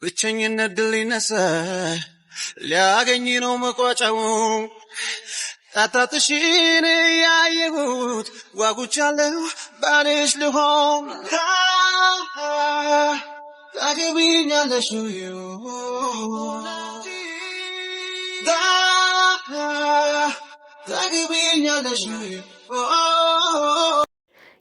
ብቸኝነት ድል ይነሳ ሊያገኝ ነው መቋጫው ጣጣትሽን ያየሁት ጓጉቻለሁ ባልሽ ልሆን ታገቢኛለሽ ታገቢኛለሽ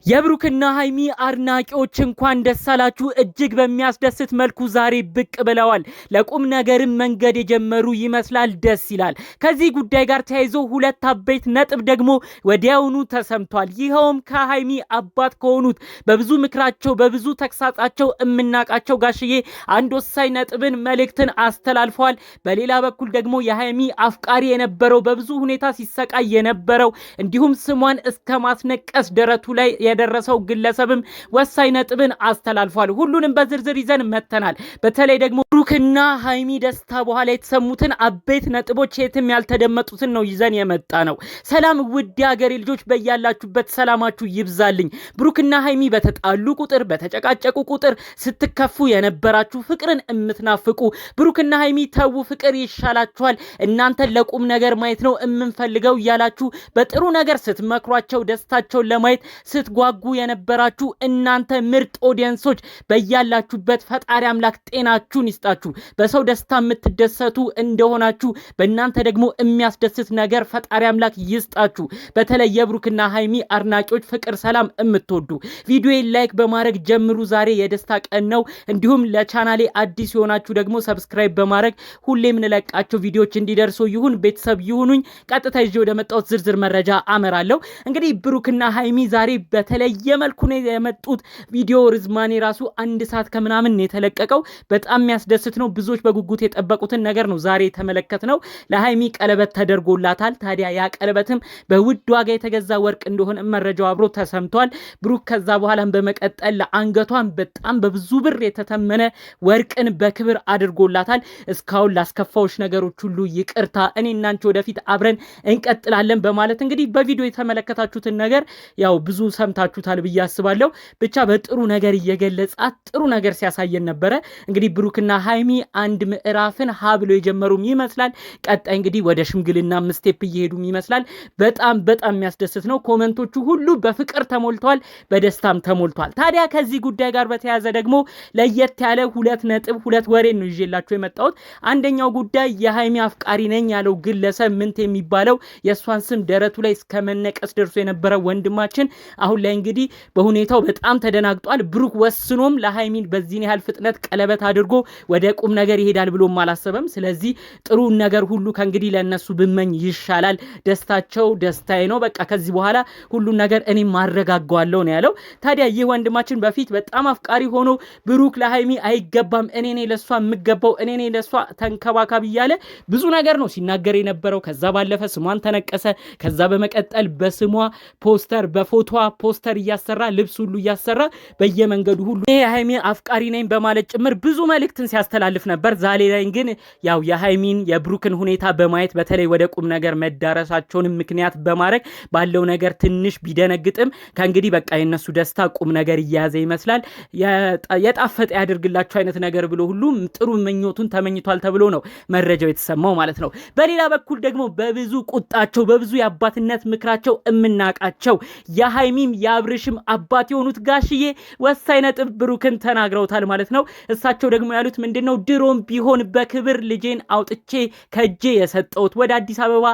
የብሩክና ሀይሚ አድናቂዎች እንኳን ደስ አላችሁ። እጅግ በሚያስደስት መልኩ ዛሬ ብቅ ብለዋል። ለቁም ነገርም መንገድ የጀመሩ ይመስላል። ደስ ይላል። ከዚህ ጉዳይ ጋር ተያይዞ ሁለት አበይት ነጥብ ደግሞ ወዲያውኑ ተሰምቷል። ይኸውም ከሀይሚ አባት ከሆኑት በብዙ ምክራቸው፣ በብዙ ተግሳጻቸው እምናቃቸው ጋሽዬ አንድ ወሳኝ ነጥብን መልእክትን አስተላልፈዋል። በሌላ በኩል ደግሞ የሀይሚ አፍቃሪ የነበረው በብዙ ሁኔታ ሲሰቃይ የነበረው እንዲሁም ስሟን እስከ ማስነቀስ ደረቱ ላይ የደረሰው ግለሰብም ወሳኝ ነጥብን አስተላልፏል። ሁሉንም በዝርዝር ይዘን መተናል። በተለይ ደግሞ ብሩክና ሀይሚ ደስታ በኋላ የተሰሙትን አበይት ነጥቦች የትም ያልተደመጡትን ነው ይዘን የመጣ ነው። ሰላም ውድ ሀገሬ ልጆች በያላችሁበት ሰላማችሁ ይብዛልኝ። ብሩክና ሀይሚ በተጣሉ ቁጥር በተጨቃጨቁ ቁጥር ስትከፉ የነበራችሁ ፍቅርን የምትናፍቁ ብሩክና ሀይሚ ተዉ ፍቅር ይሻላችኋል፣ እናንተን ለቁም ነገር ማየት ነው የምንፈልገው እያላችሁ በጥሩ ነገር ስትመክሯቸው ደስታቸውን ለማየት ስትጓ ስትዋጉ የነበራችሁ እናንተ ምርጥ ኦዲየንሶች በያላችሁበት ፈጣሪ አምላክ ጤናችሁን ይስጣችሁ። በሰው ደስታ የምትደሰቱ እንደሆናችሁ በእናንተ ደግሞ የሚያስደስት ነገር ፈጣሪ አምላክ ይስጣችሁ። በተለይ የብሩክና ሀይሚ አድናቂዎች ፍቅር፣ ሰላም የምትወዱ ቪዲዮ ላይክ በማድረግ ጀምሩ። ዛሬ የደስታ ቀን ነው። እንዲሁም ለቻናሌ አዲስ የሆናችሁ ደግሞ ሰብስክራይብ በማድረግ ሁሌ የምንለቃቸው ቪዲዮዎች እንዲደርሱ ይሁን ቤተሰብ ይሁኑኝ። ቀጥታ ይዤ ወደ መጣሁት ዝርዝር መረጃ አመራለሁ። እንግዲህ ብሩክና ሀይሚ ዛሬ በ በተለየ መልኩ ነው የመጡት። ቪዲዮ ርዝማኔ ራሱ አንድ ሰዓት ከምናምን የተለቀቀው በጣም የሚያስደስት ነው። ብዙዎች በጉጉት የጠበቁትን ነገር ነው ዛሬ የተመለከት ነው። ለሀይሚ ቀለበት ተደርጎላታል። ታዲያ ያ ቀለበትም በውድ ዋጋ የተገዛ ወርቅ እንደሆነ መረጃው አብሮ ተሰምቷል። ብሩክ ከዛ በኋላም በመቀጠል ለአንገቷን በጣም በብዙ ብር የተተመነ ወርቅን በክብር አድርጎላታል። እስካሁን ላስከፋዎች ነገሮች ሁሉ ይቅርታ፣ እኔ እናንቺ ወደፊት አብረን እንቀጥላለን በማለት እንግዲህ በቪዲዮ የተመለከታችሁትን ነገር ያው ብዙ ሰምታ ሰምታችሁታል ብዬ አስባለሁ። ብቻ በጥሩ ነገር እየገለጻት ጥሩ ነገር ሲያሳየን ነበረ። እንግዲህ ብሩክና ሀይሚ አንድ ምዕራፍን ሀ ብለው የጀመሩም ይመስላል። ቀጣይ እንግዲህ ወደ ሽምግልና ምስቴፕ እየሄዱም ይመስላል። በጣም በጣም የሚያስደስት ነው። ኮመንቶቹ ሁሉ በፍቅር ተሞልተዋል። በደስታም ተሞልቷል። ታዲያ ከዚህ ጉዳይ ጋር በተያያዘ ደግሞ ለየት ያለ ሁለት ነጥብ ሁለት ወሬ ነው ይዤላችሁ የመጣሁት። አንደኛው ጉዳይ የሀይሚ አፍቃሪ ነኝ ያለው ግለሰብ ምንት የሚባለው የእሷን ስም ደረቱ ላይ እስከመነቀስ ደርሶ የነበረ ወንድማችን አሁን ላይ እንግዲህ በሁኔታው በጣም ተደናግጧል። ብሩክ ወስኖም ለሀይሚን በዚህን ያህል ፍጥነት ቀለበት አድርጎ ወደ ቁም ነገር ይሄዳል ብሎም አላሰበም። ስለዚህ ጥሩ ነገር ሁሉ ከእንግዲህ ለእነሱ ብመኝ ይሻላል። ደስታቸው ደስታዬ ነው። በቃ ከዚህ በኋላ ሁሉን ነገር እኔ ማረጋጓለው ነው ያለው። ታዲያ ይህ ወንድማችን በፊት በጣም አፍቃሪ ሆኖ ብሩክ ለሀይሚ አይገባም፣ እኔ ነኝ ለእሷ የምገባው፣ እኔ ነኝ ለእሷ ተንከባካቢ እያለ ብዙ ነገር ነው ሲናገር የነበረው። ከዛ ባለፈ ስሟን ተነቀሰ። ከዛ በመቀጠል በስሟ ፖስተር በፎቶዋ ፖስተር እያሰራ ልብስ ሁሉ እያሰራ በየመንገዱ ሁሉ ይሄ የሀይሚ አፍቃሪ ነኝ በማለት ጭምር ብዙ መልእክትን ሲያስተላልፍ ነበር። ዛሬ ላይ ግን ያው የሀይሚን የብሩክን ሁኔታ በማየት በተለይ ወደ ቁም ነገር መዳረሳቸውን ምክንያት በማድረግ ባለው ነገር ትንሽ ቢደነግጥም ከእንግዲህ በቃ የነሱ ደስታ ቁም ነገር እየያዘ ይመስላል። የጣፈጠ ያደርግላቸው አይነት ነገር ብሎ ሁሉ ጥሩ ምኞቱን ተመኝቷል ተብሎ ነው መረጃው የተሰማው ማለት ነው። በሌላ በኩል ደግሞ በብዙ ቁጣቸው በብዙ የአባትነት ምክራቸው እምናቃቸው የሀይሚም የአብርሽም አባት የሆኑት ጋሽዬ ወሳኝ ነጥብ ብሩክን ተናግረውታል ማለት ነው። እሳቸው ደግሞ ያሉት ምንድን ነው? ድሮም ቢሆን በክብር ልጄን አውጥቼ ከእጄ የሰጠሁት ወደ አዲስ አበባ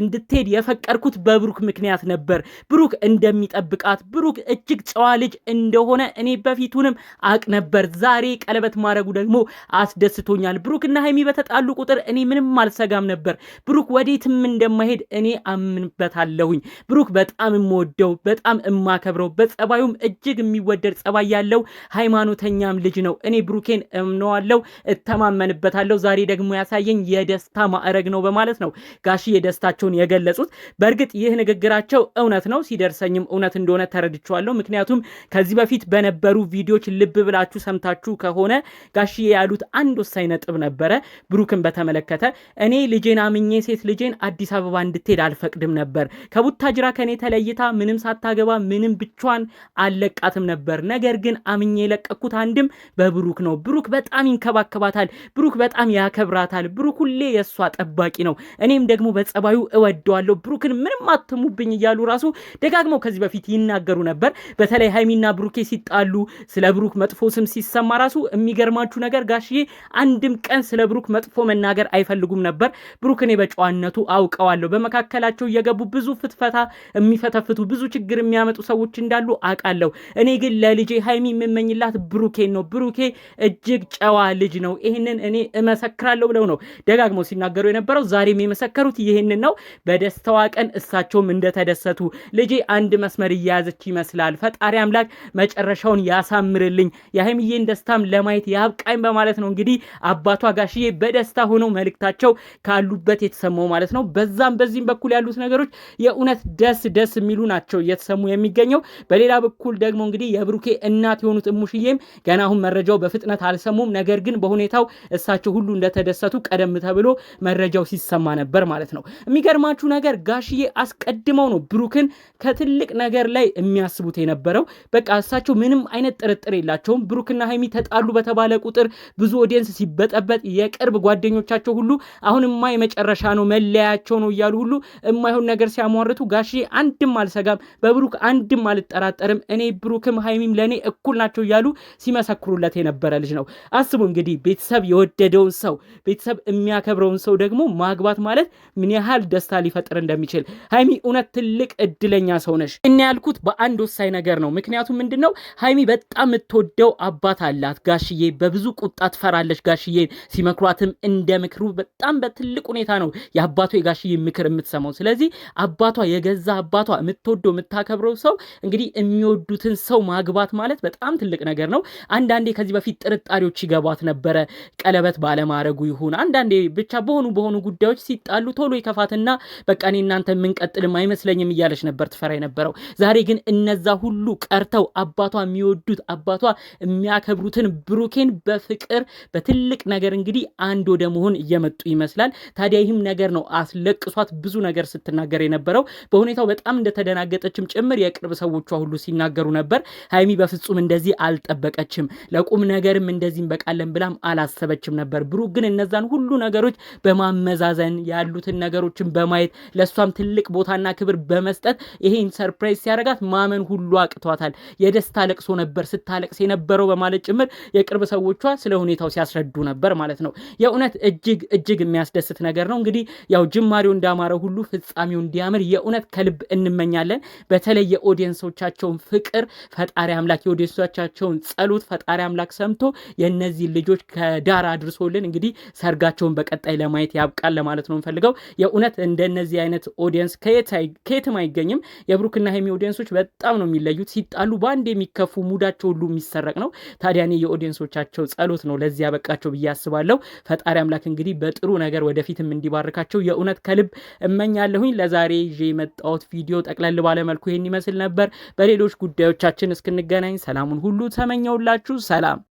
እንድትሄድ የፈቀድኩት በብሩክ ምክንያት ነበር። ብሩክ እንደሚጠብቃት፣ ብሩክ እጅግ ጨዋ ልጅ እንደሆነ እኔ በፊቱንም አቅ ነበር። ዛሬ ቀለበት ማድረጉ ደግሞ አስደስቶኛል። ብሩክና ሀይሚ በተጣሉ ቁጥር እኔ ምንም አልሰጋም ነበር። ብሩክ ወዴትም እንደማይሄድ እኔ አምንበታለሁኝ። ብሩክ በጣም የምወደው በጣም እማ የማከብረው በጸባዩም እጅግ የሚወደድ ጸባይ ያለው ሃይማኖተኛም ልጅ ነው። እኔ ብሩኬን እምነዋለው እተማመንበታለው ዛሬ ደግሞ ያሳየኝ የደስታ ማዕረግ ነው በማለት ነው ጋሽዬ ደስታቸውን የገለጹት። በእርግጥ ይህ ንግግራቸው እውነት ነው፣ ሲደርሰኝም እውነት እንደሆነ ተረድቼዋለሁ። ምክንያቱም ከዚህ በፊት በነበሩ ቪዲዮዎች ልብ ብላችሁ ሰምታችሁ ከሆነ ጋሽዬ ያሉት አንድ ወሳኝ ነጥብ ነበረ ብሩክን በተመለከተ እኔ ልጄን አምኜ ሴት ልጄን አዲስ አበባ እንድትሄድ አልፈቅድም ነበር ከቡታጅራ ከኔ ተለይታ ምንም ሳታገባ ምንም ይህንን ብቻዋን አልለቃትም ነበር። ነገር ግን አምኜ የለቀኩት አንድም በብሩክ ነው። ብሩክ በጣም ይንከባከባታል። ብሩክ በጣም ያከብራታል። ብሩክ ሁሌ የእሷ ጠባቂ ነው። እኔም ደግሞ በጸባዩ እወደዋለሁ። ብሩክን ምንም አትሙብኝ እያሉ ራሱ ደጋግመው ከዚህ በፊት ይናገሩ ነበር። በተለይ ሀይሚና ብሩኬ ሲጣሉ ስለ ብሩክ መጥፎ ስም ሲሰማ ራሱ የሚገርማችሁ ነገር ጋሽዬ አንድም ቀን ስለ ብሩክ መጥፎ መናገር አይፈልጉም ነበር። ብሩክ እኔ በጨዋነቱ አውቀዋለሁ። በመካከላቸው እየገቡ ብዙ ፍትፈታ የሚፈተፍቱ ብዙ ችግር የሚያመጡ ሰዎች ሰዎች እንዳሉ አውቃለሁ። እኔ ግን ለልጄ ሀይሚ የምመኝላት ብሩኬን ነው። ብሩኬ እጅግ ጨዋ ልጅ ነው። ይህንን እኔ እመሰክራለሁ ብለው ነው ደጋግመው ሲናገሩ የነበረው። ዛሬም የመሰከሩት ይህንን ነው። በደስታዋ ቀን እሳቸውም እንደተደሰቱ ልጄ አንድ መስመር እየያዘች ይመስላል። ፈጣሪ አምላክ መጨረሻውን ያሳምርልኝ፣ የሀይሚዬን ደስታም ለማየት ያብቃኝ በማለት ነው እንግዲህ አባቷ ጋሽዬ በደስታ ሆነው መልእክታቸው ካሉበት የተሰማው ማለት ነው። በዛም በዚህም በኩል ያሉት ነገሮች የእውነት ደስ ደስ የሚሉ ናቸው እየተሰሙ የሚገ የሚገኘው። በሌላ በኩል ደግሞ እንግዲህ የብሩኬ እናት የሆኑት እሙሽዬም ገና አሁን መረጃው በፍጥነት አልሰሙም። ነገር ግን በሁኔታው እሳቸው ሁሉ እንደተደሰቱ ቀደም ተብሎ መረጃው ሲሰማ ነበር ማለት ነው። የሚገርማችሁ ነገር ጋሽዬ አስቀድመው ነው ብሩክን ከትልቅ ነገር ላይ የሚያስቡት የነበረው። በቃ እሳቸው ምንም አይነት ጥርጥር የላቸውም። ብሩክና ሀይሚ ተጣሉ በተባለ ቁጥር ብዙ ኦዲየንስ ሲበጠበጥ የቅርብ ጓደኞቻቸው ሁሉ አሁንማ የመጨረሻ ነው መለያቸው ነው እያሉ ሁሉ የማይሆን ነገር ሲያሟርቱ ጋሽዬ አንድም አልሰጋም፣ በብሩክ አንድ አንድም አልጠራጠርም፣ እኔ ብሩክም ሀይሚም ለእኔ እኩል ናቸው እያሉ ሲመሰክሩለት የነበረ ልጅ ነው። አስቡ እንግዲህ ቤተሰብ የወደደውን ሰው ቤተሰብ የሚያከብረውን ሰው ደግሞ ማግባት ማለት ምን ያህል ደስታ ሊፈጥር እንደሚችል ሀይሚ እውነት ትልቅ እድለኛ ሰው ነሽ። እና ያልኩት በአንድ ወሳኝ ነገር ነው። ምክንያቱም ምንድን ነው ሀይሚ በጣም የምትወደው አባት አላት ጋሽዬ። በብዙ ቁጣ ትፈራለች ጋሽዬ። ሲመክሯትም እንደ ምክሩ በጣም በትልቅ ሁኔታ ነው የአባቷ የጋሽዬ ምክር የምትሰማው። ስለዚህ አባቷ የገዛ አባቷ የምትወደው የምታከብረው ሰው እንግዲህ የሚወዱትን ሰው ማግባት ማለት በጣም ትልቅ ነገር ነው። አንዳንዴ ከዚህ በፊት ጥርጣሬዎች ይገቧት ነበረ፣ ቀለበት ባለማድረጉ ይሁን አንዳንዴ ብቻ በሆኑ በሆኑ ጉዳዮች ሲጣሉ ቶሎ ይከፋትና በቃ እኔ እናንተ የምንቀጥልም አይመስለኝም እያለች ነበር ትፈራ የነበረው። ዛሬ ግን እነዛ ሁሉ ቀርተው አባቷ የሚወዱት አባቷ የሚያከብሩትን ብሩኬን በፍቅር በትልቅ ነገር እንግዲህ አንድ ወደ መሆን እየመጡ ይመስላል። ታዲያ ይህም ነገር ነው አስለቅሷት ብዙ ነገር ስትናገር የነበረው በሁኔታው በጣም እንደተደናገጠችም ጭምር የቅርብ የቅርብ ሰዎቿ ሁሉ ሲናገሩ ነበር። ሀይሚ በፍጹም እንደዚህ አልጠበቀችም፣ ለቁም ነገርም እንደዚህ እንበቃለን ብላም አላሰበችም ነበር። ብሩክ ግን እነዛን ሁሉ ነገሮች በማመዛዘን ያሉትን ነገሮችን በማየት ለእሷም ትልቅ ቦታና ክብር በመስጠት ይሄን ሰርፕራይዝ ሲያደርጋት ማመን ሁሉ አቅቷታል። የደስታ ለቅሶ ነበር ስታለቅስ የነበረው በማለት ጭምር የቅርብ ሰዎቿ ስለ ሁኔታው ሲያስረዱ ነበር ማለት ነው። የእውነት እጅግ እጅግ የሚያስደስት ነገር ነው። እንግዲህ ያው ጅማሬው እንዳማረ ሁሉ ፍጻሜው እንዲያምር የእውነት ከልብ እንመኛለን። በተለይ የኦዲ የኦዲየንሶቻቸውን ፍቅር ፈጣሪ አምላክ የኦዲየንሶቻቸውን ጸሎት ፈጣሪ አምላክ ሰምቶ የእነዚህን ልጆች ከዳር አድርሶልን እንግዲህ ሰርጋቸውን በቀጣይ ለማየት ያብቃል ለማለት ነው የምፈልገው። የእውነት እንደነዚህ አይነት ኦዲየንስ ከየትም አይገኝም። የብሩክና ሄሚ ኦዲየንሶች በጣም ነው የሚለዩት። ሲጣሉ በአንድ የሚከፉ ሙዳቸው ሁሉ የሚሰረቅ ነው። ታዲያ እኔ የኦዲየንሶቻቸው ጸሎት ነው ለዚህ ያበቃቸው ብዬ አስባለሁ። ፈጣሪ አምላክ እንግዲህ በጥሩ ነገር ወደፊትም እንዲባርካቸው የእውነት ከልብ እመኛለሁኝ። ለዛሬ ይዤ የመጣሁት ቪዲዮ ጠቅለል ባለመልኩ ይህን ይመስል ነበር። ነበር። በሌሎች ጉዳዮቻችን እስክንገናኝ ሰላሙን ሁሉ ተመኘውላችሁ። ሰላም